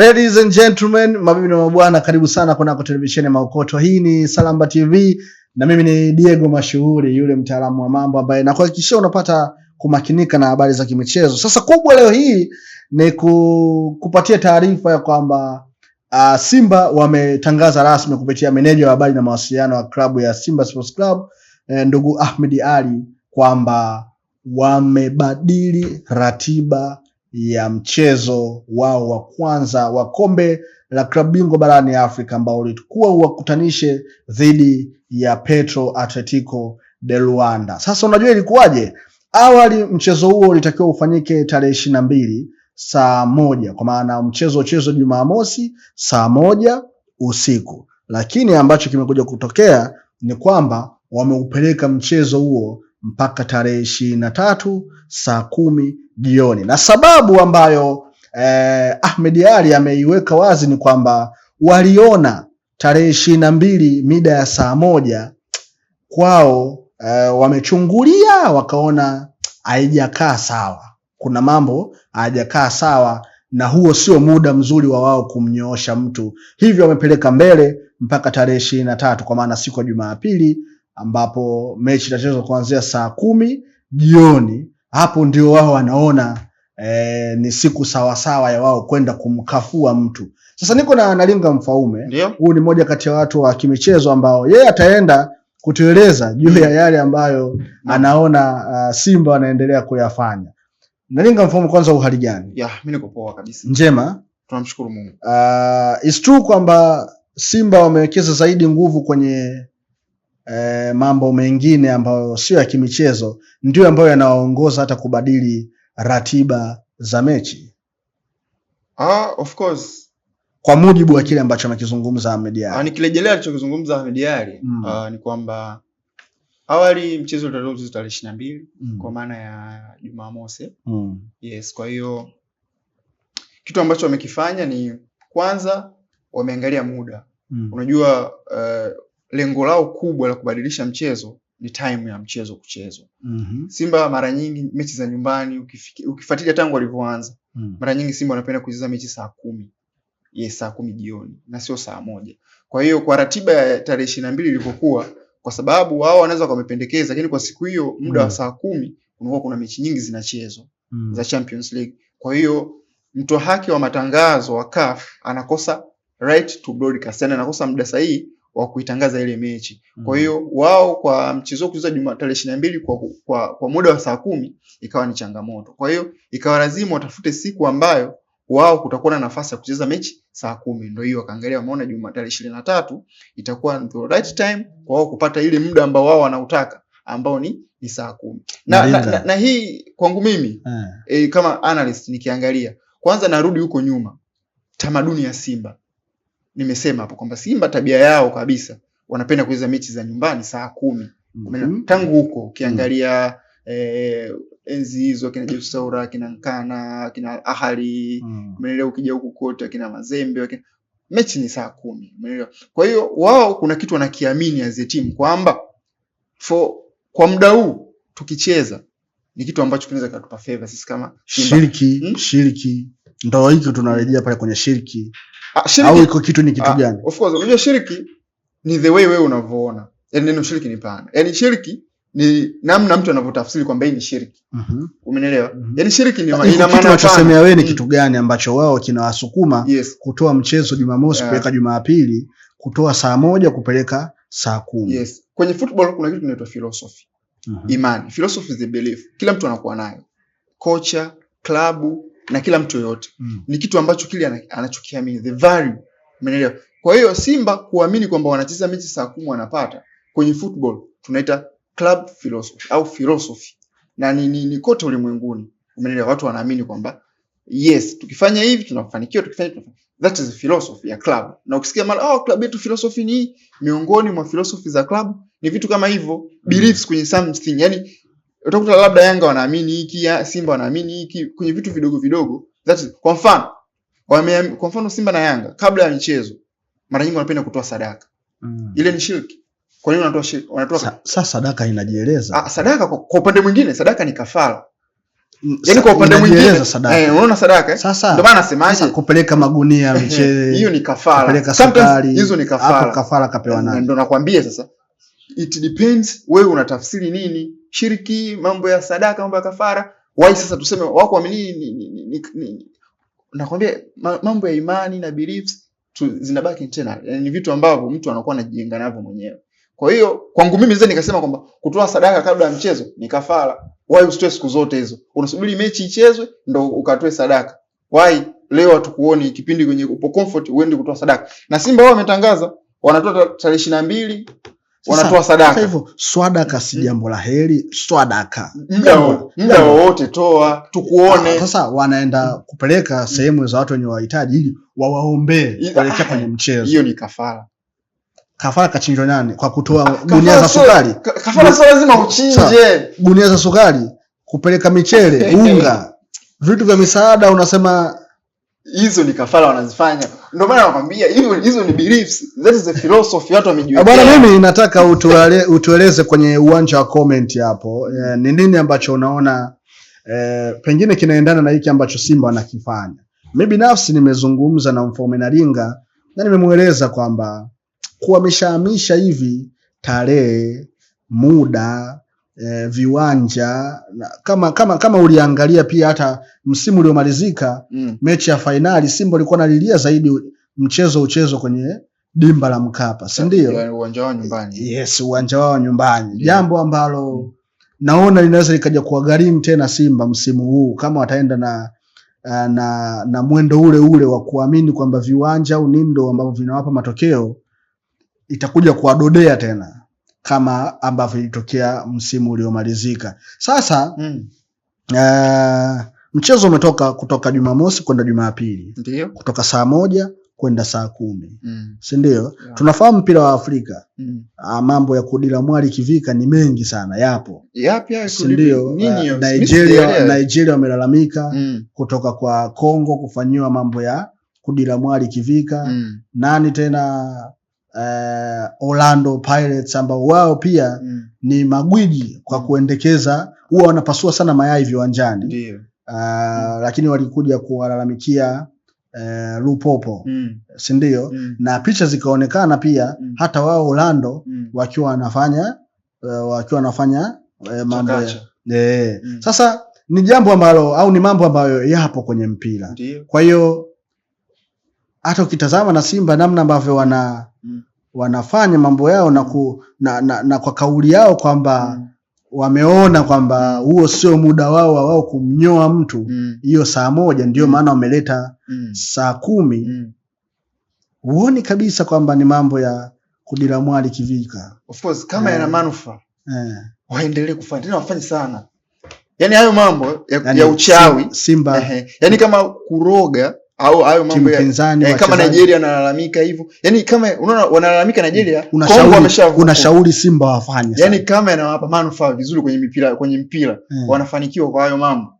Ladies and gentlemen, mabibi na mabwana, karibu sana kunako televisheni ya Maukoto. Hii ni Salamba TV na mimi ni Diego Mashuhuri, yule mtaalamu wa mambo ambaye nakuhakikishia unapata kumakinika na habari za kimichezo. Sasa kubwa leo hii ni kupatia taarifa ya kwamba uh, Simba wametangaza rasmi kupitia meneja wa habari na mawasiliano wa klabu ya Simba Sports Club eh, ndugu Ahmed ali kwamba wamebadili ratiba ya mchezo wao wa kwanza wa kombe la klabu bingwa barani Afrika ambao ulikuwa uwakutanishe dhidi ya Petro Atletico de Luanda. Sasa unajua ilikuwaje? Awali mchezo huo ulitakiwa ufanyike tarehe ishirini na mbili saa moja kwa maana mchezo uchezo Jumamosi saa moja usiku, lakini ambacho kimekuja kutokea ni kwamba wameupeleka mchezo huo mpaka tarehe ishirini na tatu saa kumi jioni, na sababu ambayo eh, Ahmed Ally ameiweka wazi ni kwamba waliona tarehe ishirini na mbili mida ya saa moja kwao eh, wamechungulia wakaona haijakaa sawa, kuna mambo hayajakaa sawa na huo sio muda mzuri wa wao kumnyoosha mtu, hivyo wamepeleka mbele mpaka tarehe ishirini na tatu kwa maana siku ya Jumapili ambapo mechi itachezwa kuanzia saa kumi jioni hapo ndio wao wanaona eh, ni siku sawasawa ya wao kwenda kumkafua mtu. Sasa niko na nalinga Mfaume, huu ni moja kati ya watu wa kimichezo ambao yeye ataenda kutueleza juu ya yale ambayo anaona uh, Simba wanaendelea kuyafanya. Nalinga Mfaume, kwanza uhali gani? Ya, mimi niko poa kabisa. Njema. Tunamshukuru Mungu. Uh, is true kwamba Simba wamewekeza zaidi nguvu kwenye eh, mambo mengine ambayo sio ya kimichezo ndio ambayo yanawaongoza hata kubadili ratiba za mechi? Ah, of course kwa mujibu wa kile ambacho amekizungumza Ahmed Ally. Ah, nikirejelea alichokizungumza Ahmed Ally mm. Ah, ni kwamba awali mchezo ulitangazwa tarehe ishirini na mbili mm. kwa maana ya Jumamosi mm. yes. Kwa hiyo kitu ambacho wamekifanya ni kwanza wameangalia muda mm. unajua uh, lengo lao kubwa la kubadilisha mchezo ni time ya mchezo kuchezwa. mm -hmm. Simba mara nyingi mechi za nyumbani ukifuatilia tangu walivyoanza mm -hmm. mara nyingi Simba wanapenda kucheza mechi saa kumi yes, saa kumi jioni na sio saa moja. Kwa hiyo kwa ratiba ya tarehe ishirini na mbili ilivyokuwa, kwa sababu wao wanaweza wamependekeza, lakini kwa siku hiyo muda mm -hmm. saa kumi kunakuwa kuna mechi nyingi zinachezwa mm -hmm. za Champions League. Kwa hiyo mtu haki wa matangazo wa CAF anakosa right to broadcast, yani anakosa muda sahihi wa kuitangaza ile mechi. Kwa mm-hmm. hiyo wao kwa mchezo kucheza Jumatatu tarehe ishirini na mbili kwa, kwa, kwa muda wa saa kumi ikawa ni changamoto. Kwa hiyo ikawa lazima watafute siku ambayo wao kutakuwa na nafasi ya kucheza mechi saa kumi. Ndio hiyo wakaangalia, wameona Jumatatu tarehe ishirini na tatu itakuwa the right time kwa wao kupata ile muda ambao wao wanautaka ambao ni, ni saa kumi na, na, na, na hii kwangu mimi eh. eh, kama analyst nikiangalia kwanza, narudi huko nyuma, tamaduni ya Simba nimesema hapo kwamba Simba tabia yao kabisa wanapenda kucheza mechi za nyumbani saa kumi. mm -hmm. Tangu huko ukiangalia mm -hmm. eh, enzi hizo kina Jesusaura kina Nkana kina Ahali mhm. umeelewa? mm. Ukija huku kote kina Mazembe kina... mechi ni saa kumi, umeelewa? Kwa hiyo wao kuna kitu wanakiamini as a team kwamba for kwa muda huu tukicheza ni kitu ambacho kinaweza kutupa favor sisi kama shiriki hmm? shiriki Ndo hiki tunarejea pale kwenye ah, shiriki au iko kitu ni kitu ah, gani? Of course, unajua shiriki ni the way wewe unavyoona. yani neno shiriki ni pana. yani shiriki ni namna mtu anavyotafsiri kwamba hii ni shiriki. Mhm. Mm Umeelewa? Mm -hmm. yani shiriki ni ina maana tunachosemea wewe ni mm. kitu gani ambacho wao kinawasukuma yes, kutoa mchezo Jumamosi yeah, kupeleka Jumapili, kutoa saa moja kupeleka saa kumi. Yes. Kwenye football kuna kitu kinaitwa philosophy. Mm -hmm. Imani. Philosophy is a belief. Kila mtu anakuwa nayo. Kocha, klabu, na kila mtu yoyote mm. Ni kitu ambacho kile anachokiamini the value, umeelewa? Kwa hiyo Simba kuamini kwamba wanacheza mechi saa kumi wanapata kwenye football tunaita club philosophy au philosophy, na ni, ni, ni kote ulimwenguni, umeelewa? Watu wanaamini kwamba yes, tukifanya hivi tunafanikiwa, tukifanya tunafanikiwa. That is a philosophy ya club. Na ukisikia mara oh, club yetu philosophy ni miongoni mwa philosophy za club ni vitu kama hivyo, mm. beliefs kwenye something, yani utakuta labda Yanga wanaamini hiki, Simba wanaamini hiki kwenye vitu vidogo vidogo. That it. Kwa mfano wame, kwa mfano Simba na Yanga kabla ya michezo mara nyingi wanapenda kutoa sadaka mm. Ile ni shirki. Kwa nini wanatoa shirki? Wanatoa sasa, sa sadaka inajieleza. Ah, sadaka kwa upande mwingine sadaka ni kafara. Mm, yaani kwa upande mwingine sadaka. Eh, unaona sadaka? Sasa Ndio maana nasemaje? kupeleka magunia ya michezo. Hiyo ni kafara. Kupeleka sukari. Hizo ni kafara. Hapo kafara kapewa eh, nani? Ndio nakwambia sasa. It depends wewe unatafsiri nini? shirki, mambo ya sadaka, mambo ya kafara. Wai sasa tuseme wako waamini, ni, ni, ni, ni, ni, ni. nakwambia mambo ya imani na beliefs tu, zinabaki tena, yani eh, ni vitu ambavyo mtu anakuwa anajijenga navyo mwenyewe. Kwa hiyo kwangu mimi mzee nikasema kwamba kutoa sadaka kabla ya mchezo ni kafara. Wai usitoe siku zote hizo, unasubiri mechi ichezwe ndo ukatoe sadaka? Wai leo hatukuoni kipindi kwenye upo comfort uende kutoa sadaka. Na Simba wao wametangaza wanatoa tarehe ishirini na mbili wanatoa sadaka. Sasa hivyo swadaka si mm. jambo la heri, swadaka muda wowote toa tukuone. Ah, sasa wanaenda mm. kupeleka mm. sehemu za watu wenye wahitaji ili wawaombee kuelekea ah, kwenye mchezo. Hiyo ni kafara. Kafara kachinjwa nani? Kwa kutoa gunia za sukari. Kafara sio lazima uchinje gunia za sukari, kupeleka michele, unga, vitu vya misaada, unasema hizo ni kafara wanazifanya, ndio maana nakwambia hizo hizo ni beliefs, that is the philosophy watu wamejua Bwana, mimi nataka utueleze, utueleze kwenye uwanja wa comment hapo eh, ni nini ambacho unaona e, pengine kinaendana na hiki ambacho Simba wanakifanya. Mimi binafsi nimezungumza na Mfaume Nalinga na nimemweleza kwamba kuhamishahamisha hivi tarehe muda e, viwanja na, kama kama kama uliangalia pia hata msimu uliomalizika mm. mechi ya fainali Simba alikuwa nalilia zaidi mchezo uchezo kwenye dimba la Mkapa, si ndio? Uwanja wao nyumbani, yes, uwanja wao nyumbani yeah. jambo ambalo mm. naona linaweza likaja kuwagharimu tena Simba msimu huu kama wataenda na eh, na, na mwendo ule ule wa kuamini kwamba viwanja au nindo ambavyo vinawapa matokeo itakuja kuwadodea tena kama ambavyo ilitokea msimu uliomalizika. Sasa mm. uh, mchezo umetoka kutoka Jumamosi kwenda Jumapili, kutoka saa moja kwenda saa kumi mm. si ndio? Yeah. Tunafahamu mpira wa Afrika mm. Ah, mambo ya kudila mwali kivika ni mengi sana, yapo yep, si ndio? Ah, Nigeria, Nigeria wamelalamika mm. kutoka kwa Kongo kufanyiwa mambo ya kudila mwali kivika mm. nani tena uh, Orlando Pirates ambao wao pia mm. ni magwiji kwa mm. kuendekeza, huwa wanapasua sana mayai viwanjani uh, mm. lakini walikuja kuwalalamikia uh, eh, Lupopo mm. si ndio? mm. na picha zikaonekana pia mm. hata wao Orlando mm. wakiwa wanafanya uh, wakiwa wanafanya uh, mambo yeah. mm. Sasa ni jambo ambalo au ni mambo ambayo yapo kwenye mpira, kwa hiyo hata ukitazama na Simba namna ambavyo wana mm. wanafanya mambo yao na, ku, na, na, na kwa kauli yao kwamba mm. wameona kwamba mm. huo sio muda wao wa wao kumnyoa mtu mm. hiyo mm. saa moja ndio mm. maana mm. wameleta mm. saa kumi mm. huoni kabisa kwamba ni mambo ya kudira mwali kivika. Of course kama yana eh. manufaa yeah. waendelee kufanya tena wafanye sana, yaani hayo mambo ya, yani, ya uchawi Simba, Simba. yani kama kuroga au hayo mambo ya pinzani eh, kama Nigeria analalamika hivyo, yani kama unaona wanalalamika Nigeria, mm. unashauri Simba wafanye, yani kama anawapa manufaa vizuri kwenye mipira kwenye mpira hmm. wanafanikiwa kwa hayo mambo,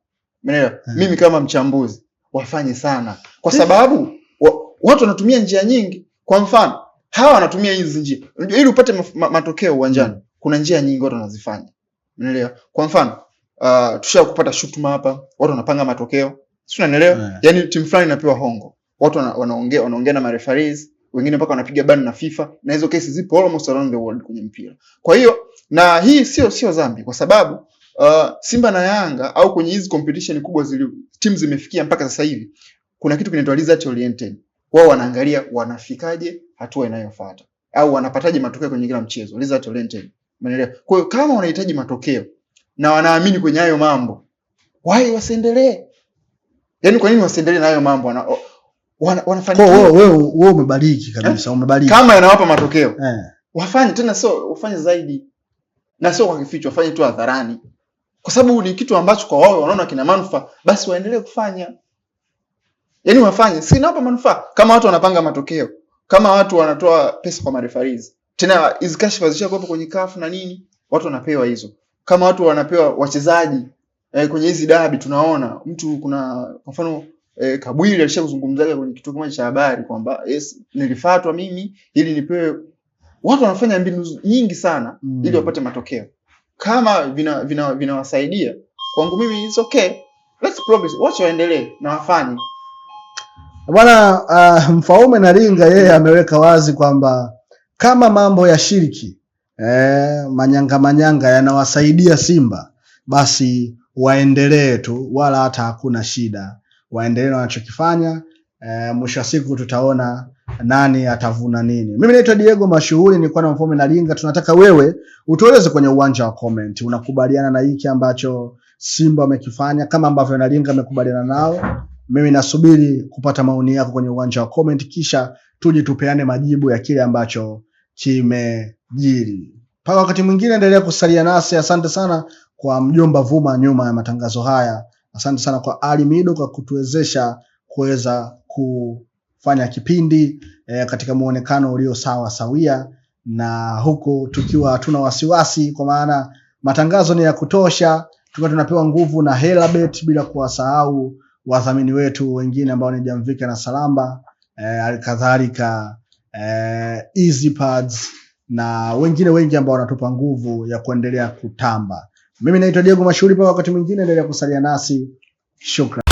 umeelewa hmm. mimi kama mchambuzi wafanye sana, kwa mm. sababu wa, watu wanatumia njia nyingi. Kwa mfano hawa wanatumia hizi njia ili upate matokeo uwanjani hmm. kuna njia nyingi watu wanazifanya, umeelewa. Kwa mfano uh, ah, tushakupata shutuma hapa, watu wanapanga matokeo si unanielewa? Yeah. Yani timu fulani inapewa hongo, watu wanaongea wanaongea na marefarees wengine mpaka wanapiga bani na FIFA, na hizo kesi zipo almost around the world kwenye mpira. Kwa hiyo na hii sio sio zambi kwa sababu uh, Simba na Yanga au kwenye hizi competition kubwa zili timu zimefikia mpaka sasa hivi, kuna kitu kinaitwa result oriented. Wao wanaangalia wanafikaje hatua inayofuata au wanapataje matokeo kwenye kila mchezo, result oriented. Umeelewa? Kwa hiyo kama wanahitaji matokeo na wanaamini kwenye hayo mambo, why wasiendelee Yaani kwa nini wasiendelee na hayo mambo wana, wana, wanafanya? Kwa wewe wewe umebariki kabisa, eh? Umebariki. Kama yanawapa matokeo. Eh. Wafanye tena sio wafanye zaidi. Na sio kwa kificho, wafanye tu hadharani. Kwa sababu ni kitu ambacho kwa wao wanaona kina manufaa, basi waendelee kufanya. Yaani wafanye, si nawapa manufaa kama watu wanapanga matokeo, kama watu wanatoa pesa kwa marefarees. Tena hizo kashfa zishakuwepo kwenye kafu na nini? Watu wanapewa hizo. Kama watu wanapewa wachezaji eh, kwenye hizi dabi tunaona mtu kuna kwa mfano eh, Kabwili alishakuzungumzaga kwenye kituo kimoja cha habari kwamba yes, nilifatwa mimi ili nipewe. Watu wanafanya mbinu nyingi sana mm. ili wapate matokeo. Kama vinawasaidia vina, vina vina kwangu mimi it's okay, let's progress, wacha waendelee na wafanye bwana. Uh, Mfaume na Linga yeye mm. ameweka wazi kwamba kama mambo ya shiriki eh, manyanga manyanga yanawasaidia Simba basi waendelee tu, wala hata hakuna shida, waendelee na wanachokifanya. E, mwisho wa siku tutaona nani atavuna nini. Mimi naitwa Diego Mashuhuri, nilikuwa na Mfaume Tunataka wewe utueleze kwenye uwanja wa comment, unakubaliana na hiki ambacho Simba wamekifanya kama ambavyo Linga amekubaliana nao. Mimi nasubiri kupata maoni yako kwenye uwanja wa comment, kisha tuje tupeane majibu ya kile ambacho kimejiri. Mpaka wakati mwingine, endelea kusalia nasi. Asante sana kwa mjomba Vuma nyuma ya matangazo haya. Asante sana kwa Ali Mido kwa kutuwezesha kuweza kufanya kipindi e, katika muonekano ulio sawa sawia, na huku tukiwa hatuna wasiwasi, kwa maana matangazo ni ya kutosha, tukiwa tunapewa nguvu na Helabet, bila kuwasahau wadhamini wetu wengine ambao ni Jamvika na Salamba, alikadhalika e, e Easy Pads na wengine wengi ambao wanatupa nguvu ya kuendelea kutamba. Mimi naitwa Diego Mashuhuri, mpaka wakati mwingine, endelea kusalia nasi. Shukrani.